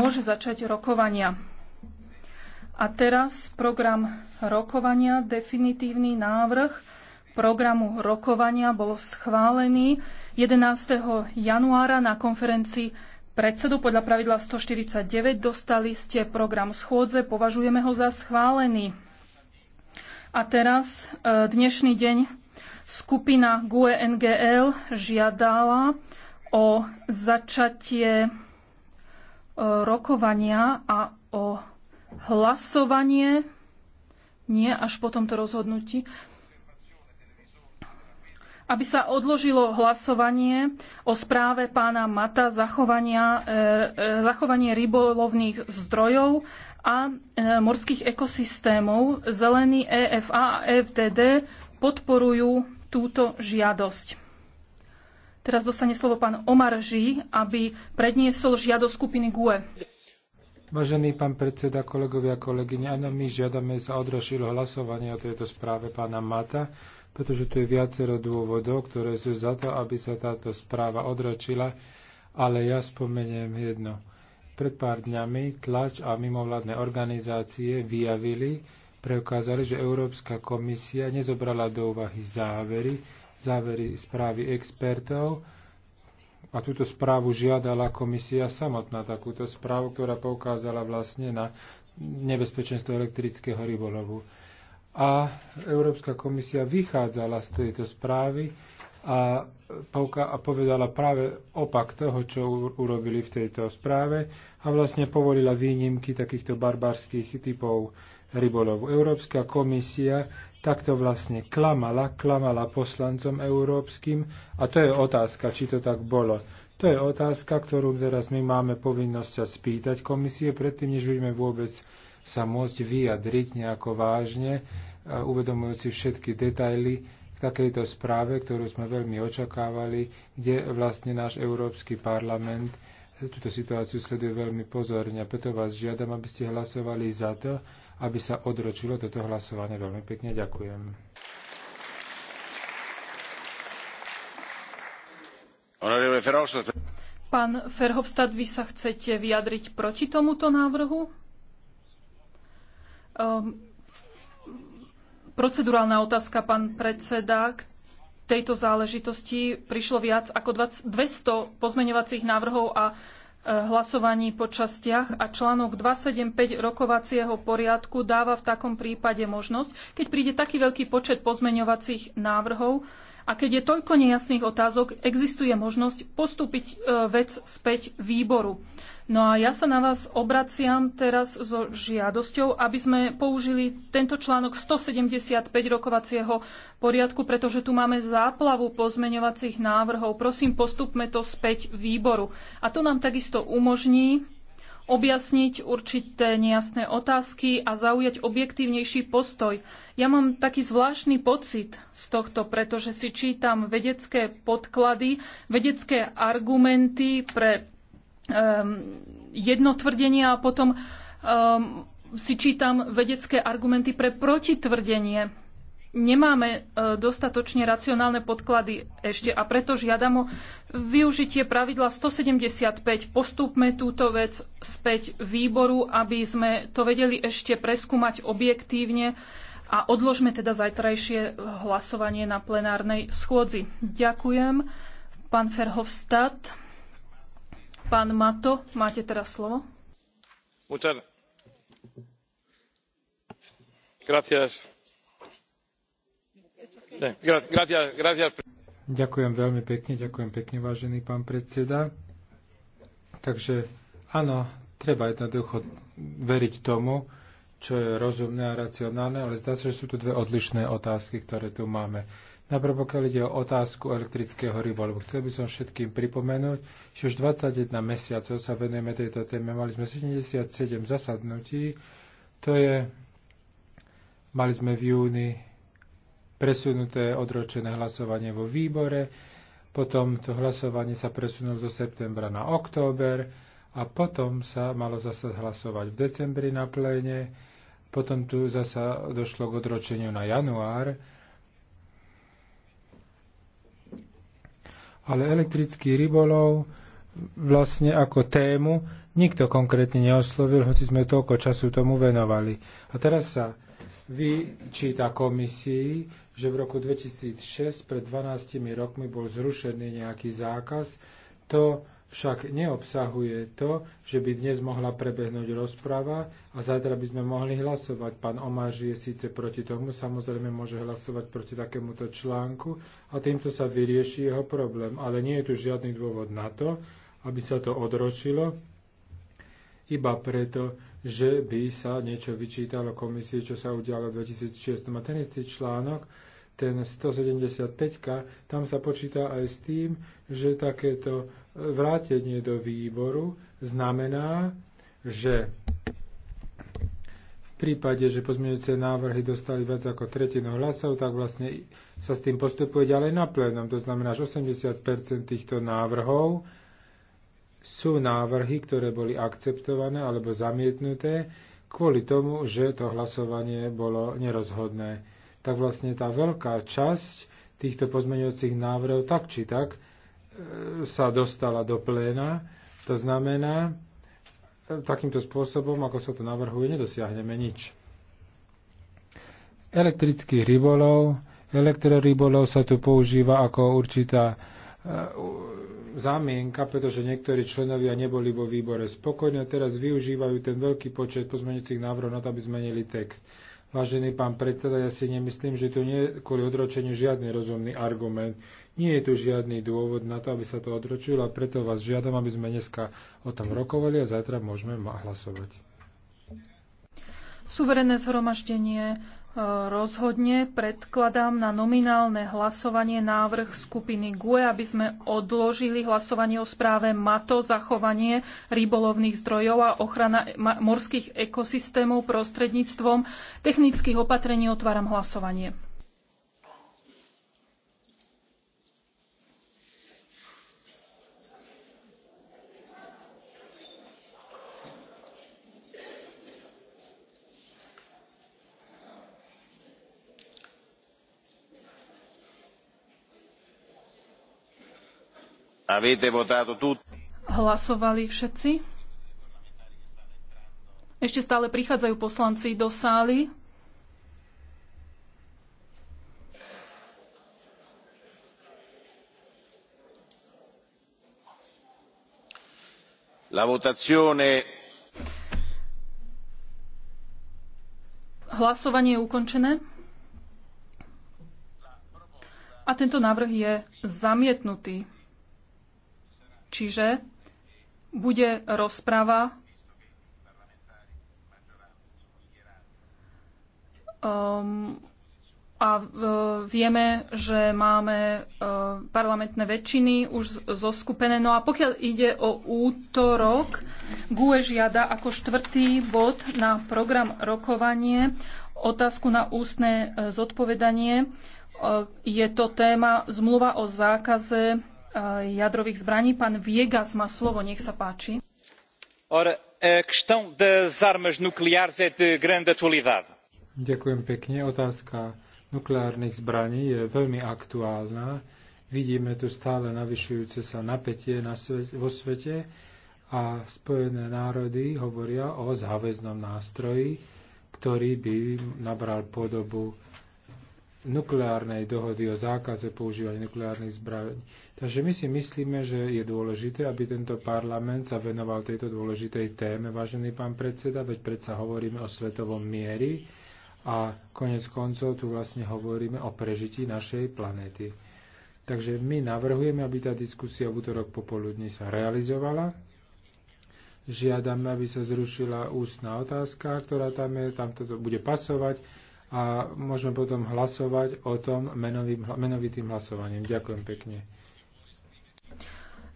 môže začať rokovania. A teraz program rokovania, definitívny návrh programu rokovania bol schválený 11. januára na konferencii predsedu podľa pravidla 149. Dostali ste program schôdze, považujeme ho za schválený. A teraz e, dnešný deň skupina GUE NGL žiadala o začatie rokovania a o hlasovanie, nie až po tomto rozhodnutí, aby sa odložilo hlasovanie o správe pána Mata zachovania, e, e zachovanie rybolovných zdrojov a e, morských ekosystémov. Zelený EFA a FDD e podporujú túto žiadosť. Teraz dostane slovo pán Omar Ži, aby predniesol žiadosť skupiny GUE. Vážený pán predseda, kolegovia a kolegyne, áno, my žiadame za odrošilo hlasovanie o tejto správe pána Mata, pretože tu je viacero dôvodov, ktoré sú za to, aby sa táto správa odročila, ale ja spomeniem jedno. Pred pár dňami tlač a mimovládne organizácie vyjavili, preukázali, že Európska komisia nezobrala do úvahy závery, závery správy expertov. A túto správu žiadala komisia samotná, takúto správu, ktorá poukázala vlastne na nebezpečenstvo elektrického rybolovu. A Európska komisia vychádzala z tejto správy a, a povedala práve opak toho, čo urobili v tejto správe a vlastne povolila výnimky takýchto barbarských typov rybolovu. Európska komisia takto vlastne klamala, klamala poslancom európskym a to je otázka, či to tak bolo. To je otázka, ktorú teraz my máme povinnosť sa spýtať komisie, predtým, než budeme vôbec sa môcť vyjadriť nejako vážne, e, uvedomujúci všetky detaily k takejto správe, ktorú sme veľmi očakávali, kde vlastne náš Európsky parlament túto situáciu sleduje veľmi pozorne. Preto vás žiadam, aby ste hlasovali za to, aby sa odročilo toto hlasovanie. Veľmi pekne ďakujem. Pán Ferhovstad, vy sa chcete vyjadriť proti tomuto návrhu? Um, procedurálna otázka, pán predseda. K tejto záležitosti prišlo viac ako 200 pozmeňovacích návrhov a E, hlasovaní po častiach a článok 275 rokovacieho poriadku dáva v takom prípade možnosť, keď príde taký veľký počet pozmeňovacích návrhov, a keď je toľko nejasných otázok, existuje možnosť postúpiť e, vec späť výboru. No a ja sa na vás obraciam teraz so žiadosťou, aby sme použili tento článok 175 rokovacieho poriadku, pretože tu máme záplavu pozmeňovacích návrhov. Prosím, postupme to späť výboru. A to nám takisto umožní objasniť určité nejasné otázky a zaujať objektívnejší postoj. Ja mám taký zvláštny pocit z tohto, pretože si čítam vedecké podklady, vedecké argumenty pre um, ehm, jedno tvrdenie a potom um, si čítam vedecké argumenty pre protitvrdenie nemáme e, dostatočne racionálne podklady ešte a preto žiadam o využitie pravidla 175. Postúpme túto vec späť výboru, aby sme to vedeli ešte preskúmať objektívne a odložme teda zajtrajšie hlasovanie na plenárnej schôdzi. Ďakujem. Pán Ferhovstad, pán Mato, máte teraz slovo. gracias Ďakujem veľmi pekne, ďakujem pekne, vážený pán predseda. Takže áno, treba jednoducho veriť tomu, čo je rozumné a racionálne, ale zdá sa, že sú tu dve odlišné otázky, ktoré tu máme. Najprv pokiaľ ide o otázku elektrického rybolovu, chcel by som všetkým pripomenúť, že už 21 mesiacov sa venujeme tejto téme. Mali sme 77 zasadnutí, to je, mali sme v júni presunuté odročené hlasovanie vo výbore, potom to hlasovanie sa presunulo zo septembra na október a potom sa malo zase hlasovať v decembri na pléne, potom tu zase došlo k odročeniu na január. Ale elektrický rybolov vlastne ako tému nikto konkrétne neoslovil, hoci sme toľko času tomu venovali. A teraz sa vyčíta komisii, že v roku 2006, pred 12 rokmi, bol zrušený nejaký zákaz. To však neobsahuje to, že by dnes mohla prebehnúť rozprava a zajtra by sme mohli hlasovať. Pán Omáš je síce proti tomu, samozrejme môže hlasovať proti takémuto článku a týmto sa vyrieši jeho problém. Ale nie je tu žiadny dôvod na to, aby sa to odročilo iba preto, že by sa niečo vyčítalo Komisie, čo sa udialo v 2006. A ten istý článok, ten 175, tam sa počíta aj s tým, že takéto vrátenie do výboru znamená, že v prípade, že pozmeňujúce návrhy dostali viac ako tretinu hlasov, tak vlastne sa s tým postupuje ďalej na plénom. To znamená, že 80 týchto návrhov sú návrhy, ktoré boli akceptované alebo zamietnuté kvôli tomu, že to hlasovanie bolo nerozhodné. Tak vlastne tá veľká časť týchto pozmeňujúcich návrhov tak či tak e, sa dostala do pléna. To znamená, e, takýmto spôsobom, ako sa to navrhuje, nedosiahneme nič. Elektrický rybolov, elektroribolov sa tu používa ako určitá e, zámienka, pretože niektorí členovia neboli vo výbore spokojní a teraz využívajú ten veľký počet pozmeňujúcich návrhov na to, aby zmenili text. Vážený pán predseda, ja si nemyslím, že tu nie je kvôli odročeniu žiadny rozumný argument. Nie je tu žiadny dôvod na to, aby sa to odročilo a preto vás žiadam, aby sme dneska o tom rokovali a zajtra môžeme hlasovať. Suverené zhromaždenie E, rozhodne predkladám na nominálne hlasovanie návrh skupiny GUE, aby sme odložili hlasovanie o správe MATO, zachovanie rybolovných zdrojov a ochrana morských ekosystémov prostredníctvom technických opatrení. Otváram hlasovanie. Avete votato tutti? Hlasovali všetci? Ešte stále prichádzajú poslanci do sály. La votazione Hlasovanie je ukončené. A tento návrh je zamietnutý. Čiže bude rozprava um, a uh, vieme, že máme uh, parlamentné väčšiny už zoskupené. No a pokiaľ ide o útorok, GUE žiada ako štvrtý bod na program rokovanie otázku na ústne uh, zodpovedanie. Uh, je to téma zmluva o zákaze Eh, jadrových zbraní. Pán Viegas má slovo, nech sa páči. Ďakujem pekne. Otázka nukleárnych zbraní je veľmi aktuálna. Vidíme tu stále navyšujúce sa napätie na svet, vo svete a Spojené národy hovoria o záväznom nástroji, ktorý by nabral podobu nukleárnej dohody o zákaze používať nukleárnych zbraní. Takže my si myslíme, že je dôležité, aby tento parlament sa venoval tejto dôležitej téme, vážený pán predseda, veď predsa hovoríme o svetovom miery a konec koncov tu vlastne hovoríme o prežití našej planéty. Takže my navrhujeme, aby tá diskusia v útorok popoludní sa realizovala. Žiadame, aby sa zrušila ústna otázka, ktorá tam je, tam toto bude pasovať a môžeme potom hlasovať o tom menovým, menovitým hlasovaním. Ďakujem pekne.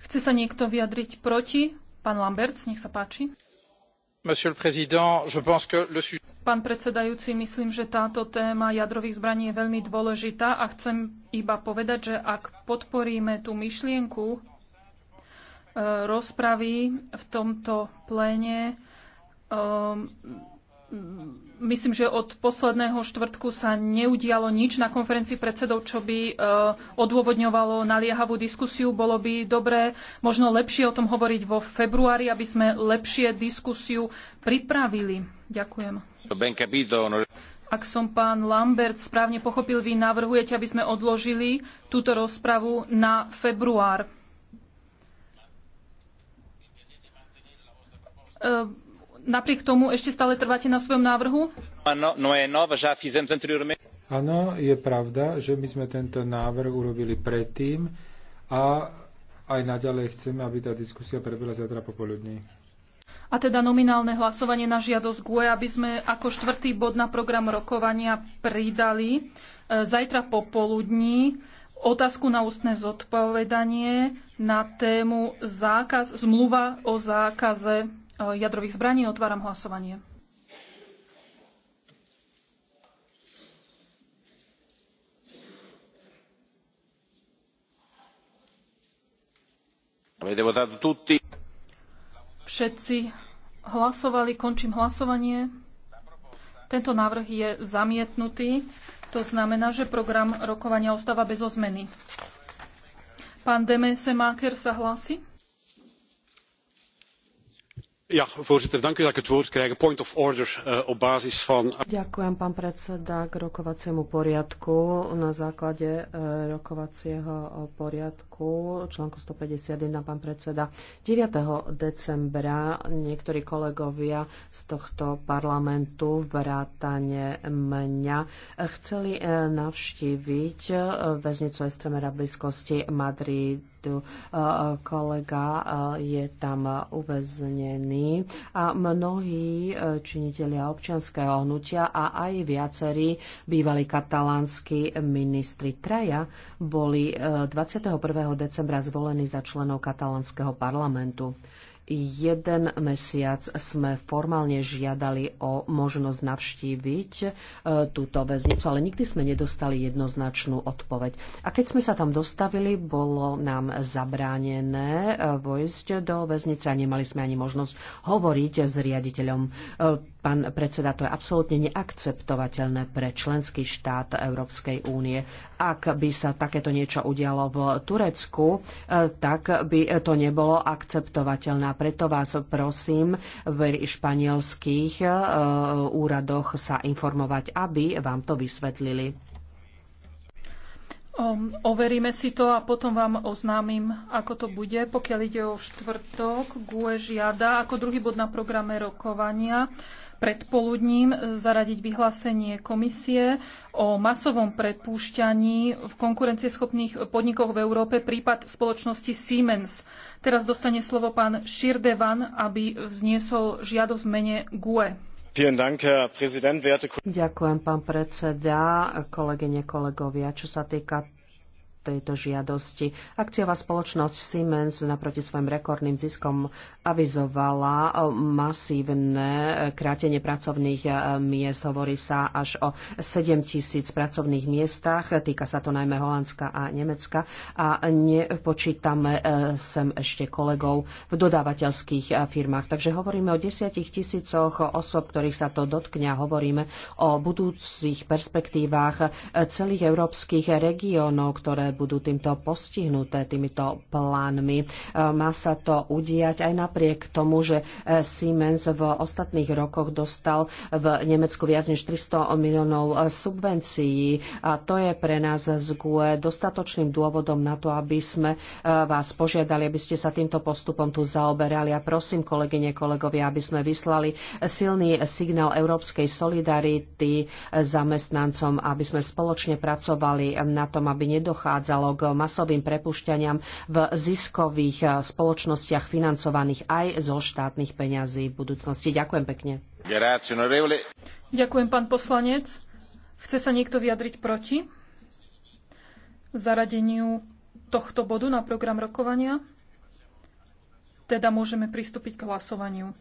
Chce sa niekto vyjadriť proti? Pán Lamberts, nech sa páči. Pán predsedajúci, myslím, že táto téma jadrových zbraní je veľmi dôležitá a chcem iba povedať, že ak podporíme tú myšlienku e, rozpravy v tomto pléne, um, Mm, myslím, že od posledného štvrtku sa neudialo nič na konferencii predsedov, čo by e, odôvodňovalo naliehavú diskusiu. Bolo by dobré, možno lepšie o tom hovoriť vo februári, aby sme lepšie diskusiu pripravili. Ďakujem. Ak som pán Lambert správne pochopil, vy navrhujete, aby sme odložili túto rozpravu na február. Uh, napriek tomu ešte stále trváte na svojom návrhu? No Áno, je pravda, že my sme tento návrh urobili predtým a aj naďalej chceme, aby tá diskusia prebila zajtra popoludní. A teda nominálne hlasovanie na žiadosť GUE, aby sme ako štvrtý bod na program rokovania pridali e, zajtra popoludní otázku na ústne zodpovedanie na tému zákaz, zmluva o zákaze jadrových zbraní. Otváram hlasovanie. Všetci hlasovali, končím hlasovanie. Tento návrh je zamietnutý. To znamená, že program rokovania ostáva bez ozmeny. Pán Demese Máker sa hlási voorzitter, dank u dat ik het woord krijg. Point of order eh, op basis van... Ďakujem, pán predseda, k rokovaciemu poriadku. Na základe eh, rokovacieho poriadku článku, článku 151, pán predseda. 9. decembra niektorí kolegovia z tohto parlamentu vrátane mňa chceli eh, navštíviť eh, väznicu Estremera v blízkosti Madridu. Eh, kolega je tam uväznený a mnohí činitelia občianského hnutia a aj viacerí bývali katalánsky ministri. Traja boli 21 decembra zvolený za členov katalánskeho parlamentu jeden mesiac sme formálne žiadali o možnosť navštíviť e, túto väznicu, ale nikdy sme nedostali jednoznačnú odpoveď. A keď sme sa tam dostavili, bolo nám zabránené e, vojsť do väznice a nemali sme ani možnosť hovoriť s riaditeľom. E, pán predseda, to je absolútne neakceptovateľné pre členský štát Európskej únie. Ak by sa takéto niečo udialo v Turecku, tak by to nebolo akceptovateľné a preto vás prosím v španielských e, úradoch sa informovať, aby vám to vysvetlili. Ehm, overíme si to a potom vám oznámim, ako to bude. Pokiaľ ide o štvrtok, GUE žiada ako druhý bod na programe rokovania predpoludním e, zaradiť vyhlásenie komisie o masovom prepúšťaní v konkurencieschopných podnikoch v Európe prípad spoločnosti Siemens. Teraz dostane slovo pán Širdevan, aby vzniesol žiadosť v mene GUE. Ďakujem, pán predseda, kolegyne, kolegovia. Čo sa týka tejto žiadosti. Akciová spoločnosť Siemens naproti svojim rekordným ziskom avizovala eh, masívne eh, krátenie pracovných eh, miest. Hovorí sa až o 7 tisíc pracovných miestach. Týka sa to najmä Holandska a Nemecka. A nepočítame sem ešte kolegov v dodávateľských firmách. Takže hovoríme o desiatich tisícoch osob, ktorých sa to dotkne. Hovoríme o budúcich perspektívach celých európskych regiónov, ktoré budú týmto postihnuté, týmito plánmi. E, má sa to udiať aj napriek tomu, že e, Siemens v ostatných rokoch dostal v Nemecku viac než 300 miliónov e, subvencií. A to je pre nás z GUE dostatočným dôvodom na to, aby sme vás požiadali, aby ste sa týmto postupom tu zaoberali. A prosím, kolegyne, kolegovia, aby sme vyslali silný signál európskej solidarity zamestnancom, aby sme spoločne pracovali na tom, aby nedochádzalo dochádzalo k masovým prepušťaniam v ziskových eh, spoločnostiach financovaných aj zo štátnych peňazí v budúcnosti. Ďakujem pekne. Ďakujem, pán poslanec. Chce sa niekto vyjadriť proti zaradeniu tohto bodu na program rokovania? Teda môžeme pristúpiť k hlasovaniu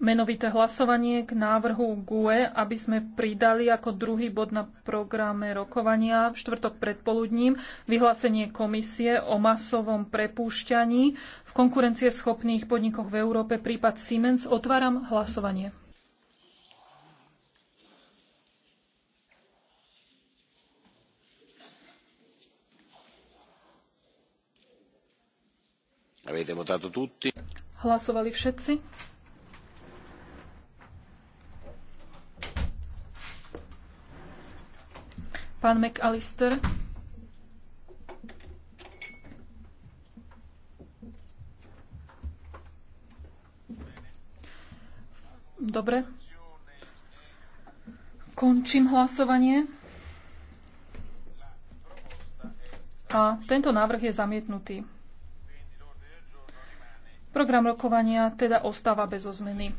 menovité hlasovanie k návrhu GUE, aby sme pridali ako druhý bod na programe rokovania v štvrtok predpoludním vyhlásenie komisie o masovom prepúšťaní v konkurencieschopných podnikoch v Európe prípad Siemens. Otváram hlasovanie. Hlasovali všetci? Pán McAllister. Dobre. Končím hlasovanie. A tento návrh je zamietnutý. Program rokovania teda ostáva bez zmeny.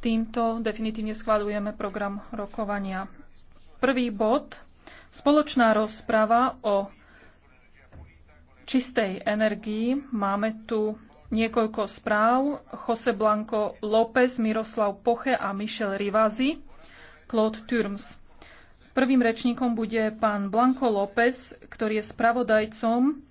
Týmto definitívne schváľujeme program rokovania. Prvý bod. Spoločná rozprava o čistej energii. Máme tu niekoľko správ. Jose Blanco López, Miroslav Poche a Michel Rivazi, Claude Turms. Prvým rečníkom bude pán Blanco López, ktorý je spravodajcom